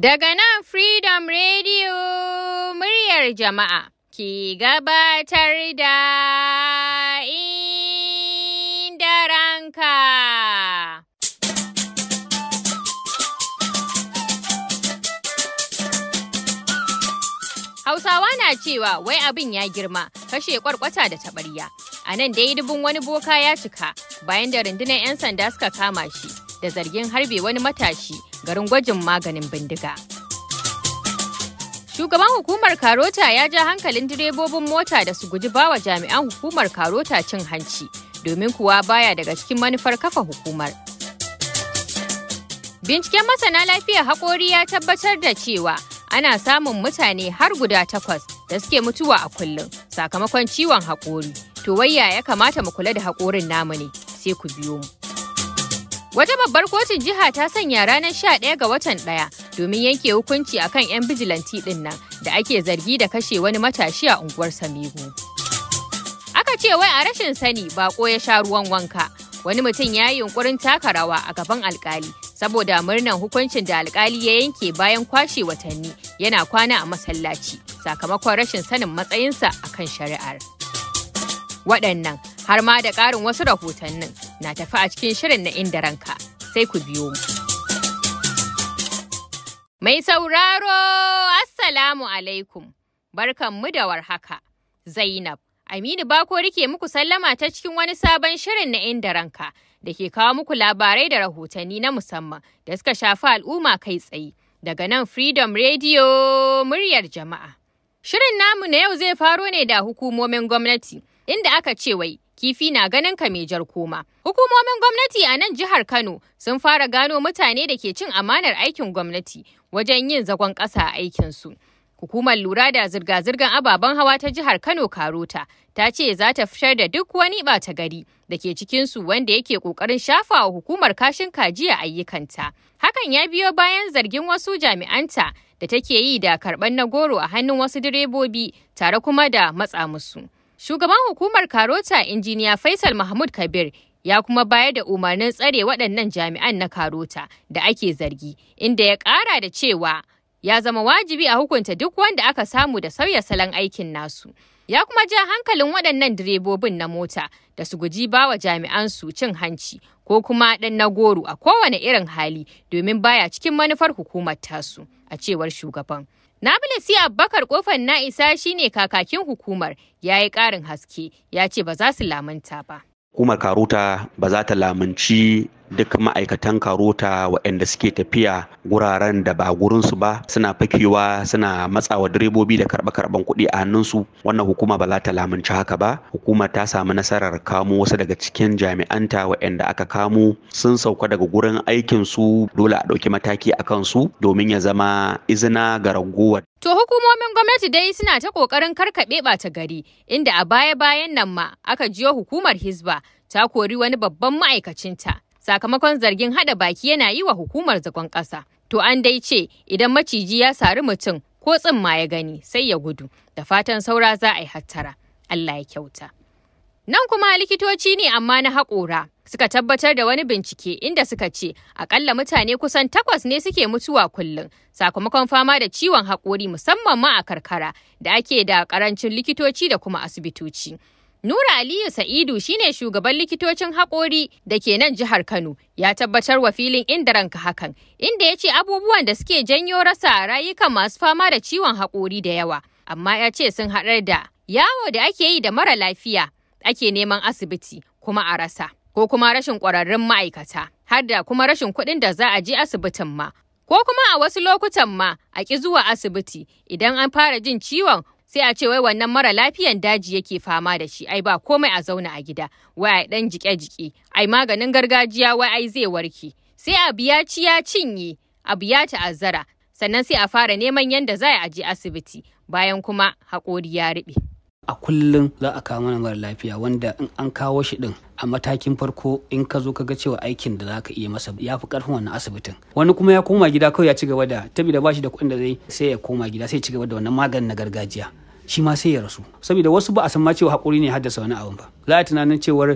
Daga nan Freedom Radio muryar jama'a ki gabatar da inda ranka. Hausawa na cewa wai abin ya girma kashe kwarkwata da taɓarya. A nan dai dubun wani boka ya cika bayan da rundunar 'yan sanda suka kama shi. da zargin harbe wani matashi garin gwajin maganin bindiga. Shugaban hukumar Karota ya ja hankalin direbobin mota da su guji bawa jami'an hukumar Karota cin hanci, domin kuwa baya daga cikin manufar kafa hukumar. Binciken masana lafiyar haƙori ya tabbatar da cewa ana samun mutane har guda takwas da suke mutuwa a kullum sakamakon ciwon haƙori. To wayya ya kamata mu kula da haƙorin namu ne, sai ku biyo mu. Wata babbar kotun jiha ta sanya ranar 11 ga watan ɗaya domin yanke hukunci akan 'yan bijilanti ɗin nan da ake zargi da kashe wani matashi a unguwar Samihu. Aka ce wai a rashin sani bako ya sha ruwan wanka. Wani mutum ya yi yunkurin taka rawa a gaban alkali saboda murnan hukuncin da alkali ya yanke bayan kwashe watanni yana kwana a masallaci sakamakon rashin sanin matsayinsa akan shari'ar. Waɗannan har ma da ƙarin wasu rahotannin na tafi a cikin shirin na inda ranka sai ku biyo mu. Mai sauraro, Assalamu alaikum, mu da warhaka, Zainab. Aminu Bako rike muku sallama ta cikin wani sabon shirin na inda ranka da ke kawo muku labarai da rahotanni na musamman da suka shafi al'umma kai tsaye daga nan Freedom Radio muryar jama'a. Shirin namu na yau zai faro ne da hukumomin gwamnati inda aka ce wai kifi na ganin ka mai jar koma. Hukumomin gwamnati a nan jihar Kano sun fara gano mutane da ke cin amanar aikin gwamnati wajen yin zagon ƙasa a aikinsu. Hukumar lura da zirga-zirgar ababen hawa ta jihar Kano Karota ta ce za ta fitar da duk wani ɓata gari da ke cikinsu wanda yake ƙoƙarin shafa wa hukumar kashin kaji a ayyukanta. Hakan ya biyo bayan zargin wasu jami'anta da take yi da karɓar na goro a hannun wasu direbobi tare kuma da matsa musu. Shugaban hukumar Karota injiniya Faisal Mahmud Kabir ya kuma bayar da umarnin tsare waɗannan jami'an na Karota da ake zargi, inda ya ƙara da cewa ya zama wajibi a hukunta duk wanda aka samu da sauya salon aikin nasu. Ya kuma ja hankalin waɗannan direbobin na mota da su guji bawa jami'ansu cin hanci ko kuma ɗan na goro a kowane irin hali domin baya cikin manufar hukumar tasu, a cewar shugaban. Nabilesi Abubakar kofar Na'isa shine kakakin hukumar ya yi ƙarin haske ya ce ba za su lamunta ba. Hukumar Karuta ba za ta lamunci duk ma'aikatan karota waɗanda suke tafiya guraren da ba gurinsu ba suna fakewa suna matsawa direbobi da karɓe karɓen kuɗi a hannunsu wannan hukuma ba za ta lamunci haka ba hukuma ta samu nasarar kamo wasu daga cikin jami'anta waɗanda aka kamo sun sauka daga gurin aikin su dole a ɗauki mataki a kansu domin ya zama izina ga raguwar To hukumomin gwamnati dai suna ta ƙoƙarin karkaɓe ɓata gari, inda a baya-bayan nan ma aka jiyo hukumar hisba ta kori wani babban ma'aikacinta sakamakon zargin hada baki yana yi wa hukumar zagon ƙasa. To an dai ce idan maciji ya sari mutum ko tsimma ya gani sai ya gudu da fatan saura za a yi hattara. Allah ya kyauta. Nan kuma likitoci ne amma na haƙora suka tabbatar da wani bincike inda suka ce aƙalla mutane kusan takwas ne suke mutuwa kullum sakamakon fama da ciwon haƙori musamman ma a karkara da ake da ƙarancin likitoci da kuma asibitoci. Nura Aliyu Sa'idu shine shugaban likitocin haƙori da ke nan jihar Kano ya tabbatar wa filin inda ka hakan inda ya ce abubuwan da suke janyo rasa rayukan masu fama da ciwon haƙori da yawa amma ya ce sun haɗar da yawo da ake yi da mara lafiya ake neman asibiti kuma a rasa ko kuma rashin ƙwararrun ma'aikata har da kuma rashin kuɗin da za a je asibitin ma ko kuma a wasu lokutan ma a ƙi zuwa asibiti idan an fara jin ciwon sai a ce wai wannan mara lafiyan daji yake fama da shi ai ba komai a zauna a gida wai ai dan jike jike ai maganin gargajiya wai ai zai warke sai a biya ci ya cinye a biya ta'azzara sannan sai a fara neman yadda za a je asibiti bayan kuma haƙori ya riɓe. a kullum za a kawo mana mara lafiya wanda in an kawo shi din a matakin farko in ka zo ka ga cewa aikin da zaka iya masa ya fi karfin wannan asibitin wani kuma ya koma gida kawai ya ci gaba da tabi da bashi da kuɗin da zai sai ya koma gida sai ya ci gaba da wannan maganin na gargajiya shi ma sai ya rasu saboda wasu ba a san ma cewa haƙuri ne haddasa wani abu ba za a tunanin cewar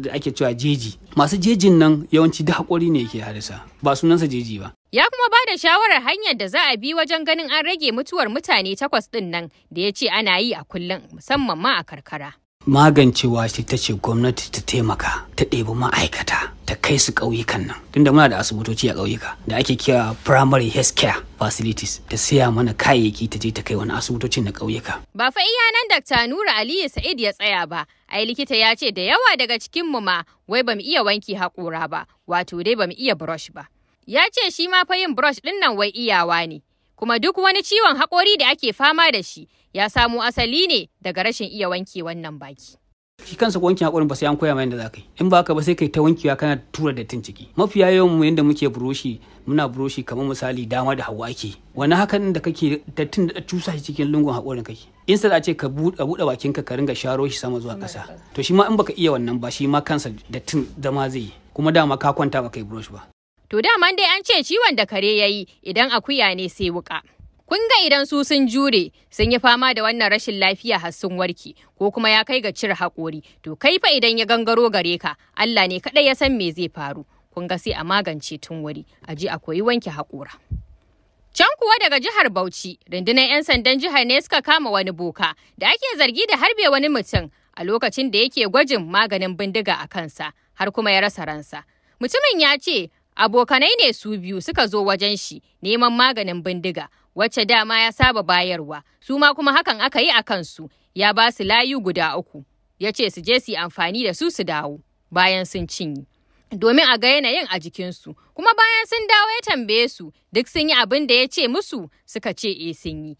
da ake cewa jeji masu jejin nan yawanci da haƙuri ne yake haddasa ba sunansa jeji ba Ya kuma ba da shawarar hanyar da za a bi wajen ganin an rage mutuwar mutane takwas ɗin nan da ya ce ana yi a kullum musamman ma a karkara. magancewa shi ta ce gwamnati ta taimaka ta ɗebi ma'aikata ta kai su ƙauyukan nan tunda muna da asibitoci a ƙauyuka da ake kira primary health care facilities ta siya mana kayayyaki ta je ta kai wani asibitocin na ƙauyuka. ba fa iya nan dakta nura aliyu sa'id ya tsaya ba ai likita ya ce da yawa daga cikin mu ma wai bamu iya wanki haƙora ba wato dai bamu iya brush ba ya ce shi ma fa yin brush ɗin nan wai iyawa ne kuma duk wani ciwon haƙori da ake fama da shi ya samo asali ne daga rashin iya wanke wannan baki. shi kansa wankin haƙorin ba sai an koya ma yadda za ka yi in ba ka ba sai kai ta wankewa kana tura dattin ciki mafiya yawan mu yadda muke buroshi muna buroshi kamar misali dama da hawa ake wani hakan da kake dattin da cusa shi cikin lungun haƙorin kake in sai a ce ka buɗe bakin ka ka ringa sharo shi sama zuwa ƙasa to shi ma in baka iya wannan ba shi ma kansa tun zama zai yi kuma dama ka kwanta ba kai buroshi ba To dama dai an ce ciwon da kare ya yi idan akuya ne sai wuka. Kun ga idan su sun jure sun yi fama da wannan rashin lafiya har sun warke ko kuma ya kai ga cire haƙori to kai fa idan ya gangaro gare ka Allah ne kaɗai ya san me zai faru kun ga sai a magance tun wuri a ji a koyi wanke haƙora. Can kuwa daga jihar Bauchi rundunar 'yan sandan jihar ne suka kama wani boka da ake zargi da harbe wani mutum a lokacin da yake gwajin maganin bindiga a kansa har kuma ya rasa ransa. Mutumin ya ce Abokanai ne su biyu suka zo wajen shi neman maganin bindiga, wacce dama ya saba bayarwa, su ma kuma hakan aka yi a kansu, ya ba su layu guda uku, ya ce su je su amfani da su su dawo, bayan sun cinye. Domin a ga yanayin a jikinsu, kuma bayan sun dawo ya tambaye su, duk sun yi abin da ya ce musu suka ce e sun yi.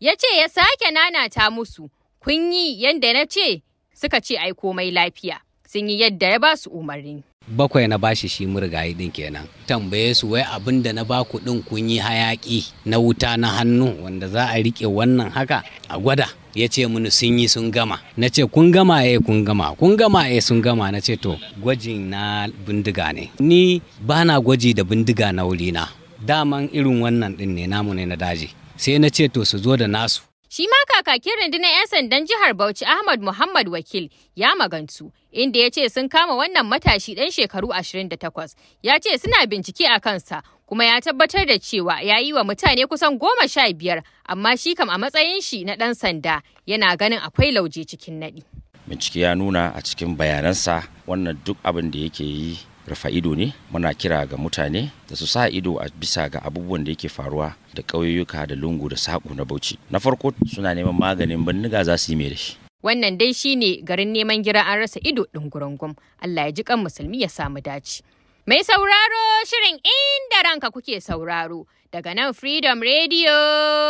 Ya ce ya sake nanata musu, kun yi yadda na ce, suka ce ai komai lafiya. sun yi yadda ya ba su umarni. Bakwai na bashi shi murgayi din kenan. Tambaye su wai abin da na baku din kun yi hayaki na wuta na hannu wanda za a rike wannan haka a gwada. Ya ce mini sun yi sun gama. Na ce kun gama ya? Eh, kun gama kun gama ya eh, sun gama na ce to gwajin na bindiga ne. Ni bana gwaji da bindiga na wurina. Daman irin wannan din ne namu ne na daji. Sai na ce to su zo da nasu. Shi ma kakakin rundunar 'yan sandan jihar Bauchi Ahmad Muhammad Wakil ya magantu inda ya ce sun kama wannan matashi ɗan shekaru 28 ya ce suna bincike a kansa kuma ya tabbatar da cewa ya yi wa mutane kusan goma sha biyar amma shi kam a matsayin shi na ɗan sanda yana ganin akwai lauje cikin naɗi. Bincike ya nuna a cikin bayanansa wannan duk abin da yake yi rufa ido ne muna kira ga mutane da su sa ido a bisa ga abubuwan da yake faruwa da ƙauyuka da lungu da saƙo na bauchi na farko suna neman maganin birniga za su yi mai da shi wannan dai shine garin neman gira an rasa ido ɗin ɗungurungum allah ya ji kan musulmi ya samu dace mai sauraro shirin inda ranka kuke sauraro daga nan freedom radio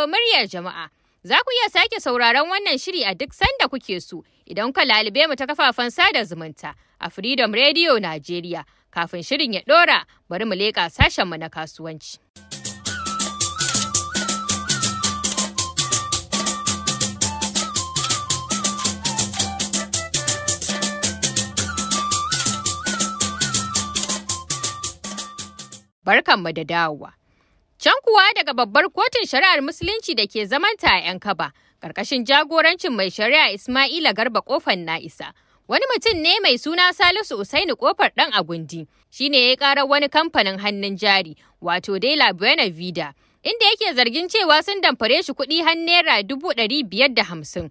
muryar jama'a za ku iya sake sauraron wannan shiri a duk sanda kuke so idan ka lalube mu ta kafafen sada zumunta a Freedom Radio nigeria. Kafin shirin ya ɗora, bari mu leƙa sashen mu na kasuwanci. barkanmu da dawowa. Can kuwa daga babbar kotun shari'ar musulunci da ke zamanta a 'yan kaba, ƙarƙashin jagorancin mai shari'a Ismaila Garba Kofan isa. Wani mutum ne mai suna Salisu Usaini kofar ɗan agundi shi ne ya ƙarar wani kamfanin hannun jari wato La Buena Vida inda yake zargin cewa sun damfare shi kuɗi har naira dubu ɗari biyar da hamsin.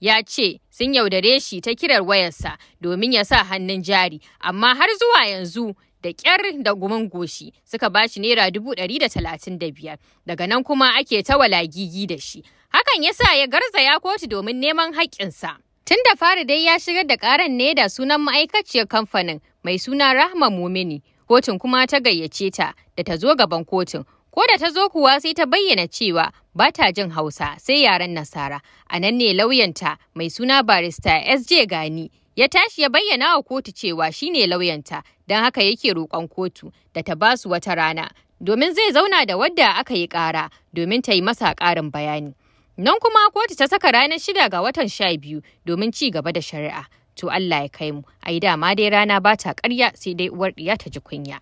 Ya ce sun yaudare shi ta kirar wayarsa domin ya sa hannun jari amma har zuwa yanzu da ƙyar da gumin goshi suka ba shi naira dubu ɗari da talatin da biyar daga nan kuma ake ta walagigi da shi hakan ya sa ya garzaya kotu domin neman haƙƙinsa. Tun da fari dai ya shigar da karan ne da sunan ma'aikaciyar kamfanin mai suna Rahma Mumini, kotun kuma ta gayyace ta da ta zo gaban kotun. Ko da ta zo kuwa sai ta bayyana cewa ba ta jin Hausa sai yaren Nasara. A nan ne lauyanta mai suna barista SJ Gani ya tashi ya bayyana wa kotu cewa shi ne lauyanta don haka yake roƙon kotu da ta ba su wata rana domin zai zauna da wadda aka yi ƙara domin ta yi masa ƙarin bayani. Nan kuma kotu ta saka ranar shida ga watan sha biyu domin ci gaba da shari'a. To Allah ya kai mu, ai dama dai rana ba ta karya sai dai uwar ɗiya ta ji kunya.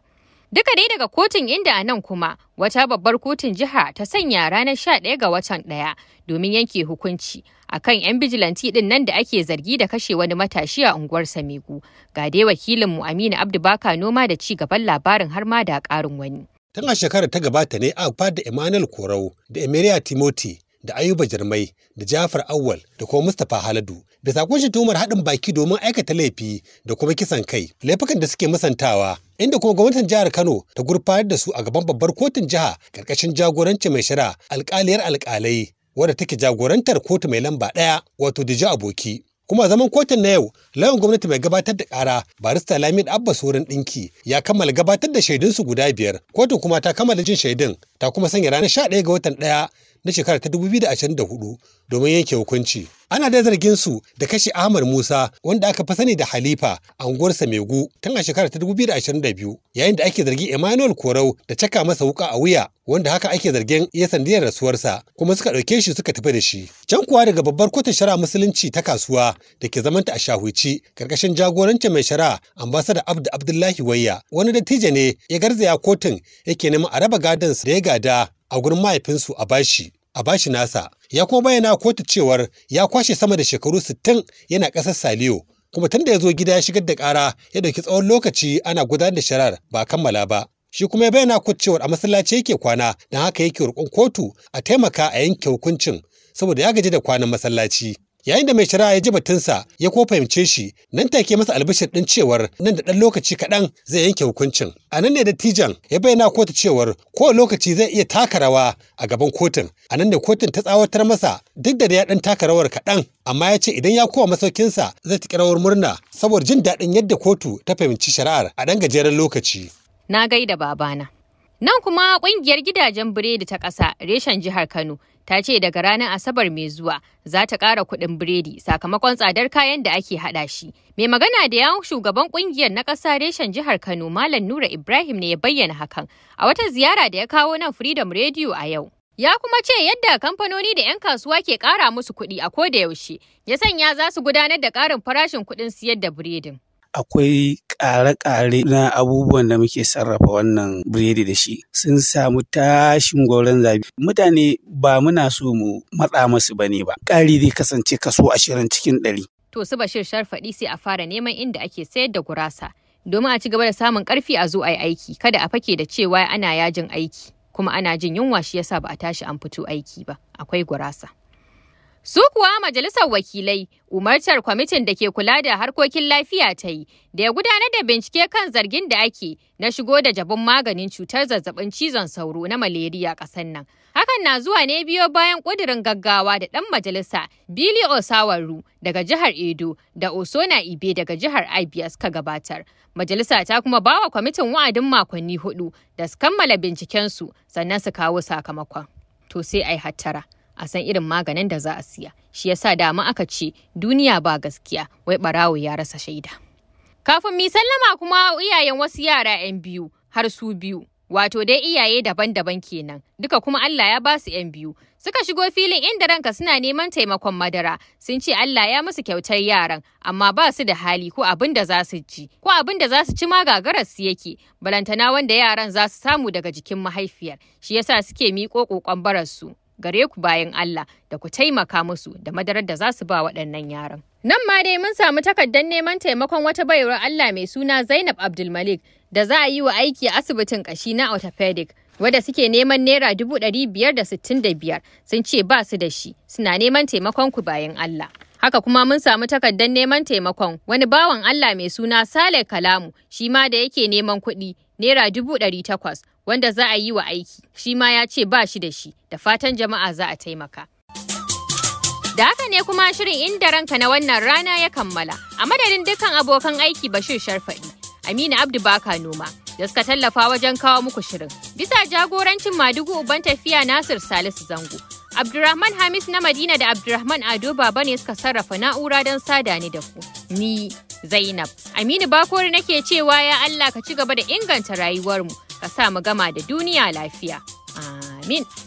Duka dai daga kotun inda a nan kuma wata babbar kotun jiha ta sanya ranar sha ɗaya ga watan ɗaya domin yanke hukunci a kan 'yan bijilanti ɗin nan da ake zargi da kashe wani matashi a unguwar Samegu. Ga dai mu Aminu Abdubaka noma da ci gaban labarin har ma da karin wani. tana shekarar ta gabata ne a da Emmanuel Korau da Emiria Timothy da Ayuba Jarmai da Jafar Awal da kuma Mustapha Haladu bisa kunshi tuhumar haɗin baki domin aikata laifi da kuma kisan kai laifukan da suke musantawa inda kuma gwamnatin jihar Kano ta gurfanar da su a gaban babbar kotun jiha karkashin jagoranci mai shari'a alƙaliyar alƙalai wadda take jagorantar kotu mai lamba ɗaya wato Dijo Aboki. kuma zaman kotun na yau lawan gwamnati mai gabatar da ƙara. barista lamid abba wurin dinki ya kammala gabatar da shaidunsu guda biyar kotun kuma ta kammala jin shaidun ta kuma sanya ranar ɗaya ga watan ɗaya na shekarar ta hudu domin yanke hukunci. Ana da zargin su da kashe Ahmad Musa wanda aka fi sani da Halifa a unguwar Samegu tun a shekarar ta biyu yayin da ake zargin Emmanuel Korau da caka masa wuka a wuya wanda haka ake zargin iya sandiyar rasuwarsa kuma suka ɗauke shi suka tafi da shi. Can kuwa daga babbar kotun shara musulunci ta kasuwa da ke zamanta a Shahuci karkashin jagorancin mai shara ambasada Abdu Abdullahi Wayya wani dattijo ne ya garzaya kotun yake neman a raba gadon da ya gada a gurin mahaifinsu a bashi a bashi nasa ya kuma bayyana kotu cewar ya kwashe sama da shekaru 60 yana ƙasar saliyo kuma tun da ya zo gida ya shigar da ƙara ya ɗauki tsawon lokaci ana gudanar da sharar ba a kammala ba shi kuma ya bayyana kotu cewar a masallaci yake kwana don haka yake roƙon kotu a taimaka a yanke hukuncin saboda ya gaji da kwanan masallaci yayin da mai shari'a ya ji batunsa ya ko fahimce shi nan take masa albishir din cewar nan da ɗan lokaci kaɗan zai yanke hukuncin a nan ne dattijan ya bayyana kotu cewar ko lokaci zai iya taka rawa a gaban kotun a nan ne kotun ta tsawatar masa duk da ya ɗan taka rawar kaɗan amma ya ce idan ya kowa masaukinsa zai ta rawar murna saboda jin daɗin yadda kotu ta fahimci shari'ar a ɗan gajeren lokaci. Na gaida babana. Nan kuma kungiyar gidajen biredi ta ƙasa reshen jihar Kano ta ce daga ranar Asabar mai zuwa za ta ƙara kuɗin biredi sakamakon tsadar kayan da ake haɗa shi. Mai magana da yawun shugaban kungiyar na ƙasa reshen jihar Kano Malam Nura Ibrahim ne ya bayyana hakan a wata ziyara da ya kawo nan Freedom Radio a yau. Ya kuma ce yadda kamfanoni da 'yan kasuwa ke ƙara musu kuɗi a koda yaushe ya sanya za su gudanar da ƙarin farashin kuɗin siyar da biredin. akwai ƙare-ƙare na abubuwan da muke sarrafa wannan biredi da shi sun samu tashin goron zabi mutane ba muna so mu matsa masu ba ne ba ƙari zai kasance kaso ashirin cikin ɗari. to su bashir sharfaɗi sai a fara neman inda ake sayar da gurasa domin a ci gaba da samun ƙarfi a zo a yi aiki kada a fake da cewa ana yajin aiki kuma ana jin yunwa shi yasa ba a tashi an fito aiki ba akwai gurasa. Su kuwa majalisar wakilai umartar kwamitin da ke kula da harkokin lafiya ta yi da ya gudanar da bincike kan zargin da ake na shigo da jabin maganin cutar zazzabin cizon sauro na maleriya ƙasar nan. Hakan na zuwa ne biyo bayan ƙudirin gaggawa da ɗan majalisa Billy Osawaru daga jihar Edo da Osona Ibe daga jihar Abia suka gabatar. Majalisa ta kuma bawa kwamitin wa'adin makonni hudu da su kammala bincikensu sannan su kawo sakamakon. To sai ai hattara. a san irin maganin da za a siya shi yasa dama aka ce duniya ba gaskiya wai barawo ya rasa shaida kafin mi sallama kuma iyayen wasu yara yan biyu har su biyu wato dai iyaye daban-daban kenan duka kuma Allah ya ba su yan biyu suka shigo filin inda ranka suna neman taimakon madara sun ce Allah ya musu kyautar yaran amma ba su da hali ko abin da za su ci ko abin da za su ci ma gagarar su yake balantana wanda yaran za su samu daga jikin mahaifiyar shi yasa suke miƙo kokon barar su gare ku bayan Allah da ku taimaka musu da madarar da za su ba waɗannan yaran. Nan ma dai mun samu takardar neman taimakon wata bayarwar Allah mai suna Zainab Abdulmalik da za a yi wa aiki a asibitin ƙashi na orthopedic. wadda suke neman naira dubu ɗari biyar da sittin da biyar sun ce ba su da shi suna neman taimakon ku bayan Allah. Haka kuma mun samu takardar neman taimakon wani bawan Allah mai suna Sale Kalamu shi ma da yake neman kuɗi naira dubu ɗari takwas wanda za a yi wa aiki shi ma ya ce ba shi da shi da fatan jama'a za a taimaka. Da haka ne kuma shirin inda ranka na wannan rana ya kammala a madadin dukkan abokan aiki Bashir Sharfaɗi, Aminu Abdu Baka Noma da suka tallafa wajen kawo muku shirin. Bisa jagorancin Madugu Uban tafiya Nasir Salisu Zango. Abdurrahman Hamis na Madina da Abdurrahman Ado Baba ne suka sarrafa na'ura don sada ni da ku. Ni Zainab. Aminu Bakori nake cewa ya Allah ka ci gaba da inganta rayuwarmu, ka sa mu gama da duniya lafiya. Amin.